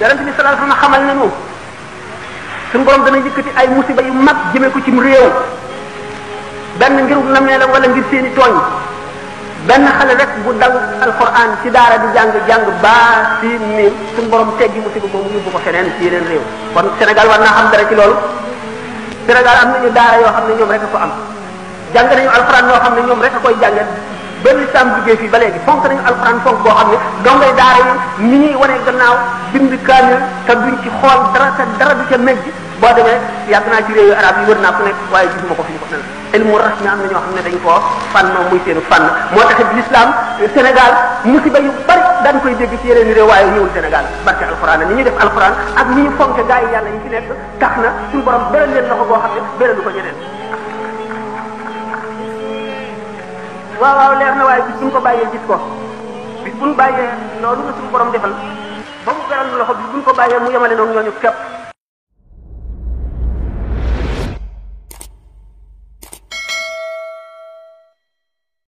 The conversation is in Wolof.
yonent bi sallallahu alayhi wasallam xamal nañu suñu borom dana yëkkati ay musiba yu mag jëmee ko ci cim réew benn ngir nameelam wala ngir seeni tooñ benn xale rek bu daw alquran ci daara di jàng jàng baa si ni suñu borom teggi musiba boobu yóbbu ko feneen ci yeneen réew kon Sénégal war naa xam dara ci loolu Sénégal am na ñu daara yoo xam ne ñoom rek a ko am jàng nañu alquran yoo xam ne ñoom rek a koy jànge ba lislaam duggee fii ba léegi fonk nañu alxuraan fonk boo xam ne dongay daara yi ni ñuy wane gannaaw bind kaamil te duñ ci xool dara te du ca mejj boo demee yàgg naa ci réewu arab yi wër naa ku nekk waaye gisuma ko fi ñu ko mel ilmu rasmi am na ñoo xam ne dañ koo fànn muy seenu fànn moo taxit l'islam Sénégal musiba yu bari daan koy dégg ci yeneen réew waaye ñëwul Sénégal barke alxuraan ni ñuy def alxuraan ak ñu fonke gaa yi yàlla yi ci nekk tax na suñu borom beral leen loxo boo xam ne beralu ko ñeneen waaw waaw leer na waaye bis buñ ko bàyyee gis ko bis buñ bàyyee loolu la suñu borom defal ba mu beral loxo bis ko bàyyee mu yemale noonu ñooñu képp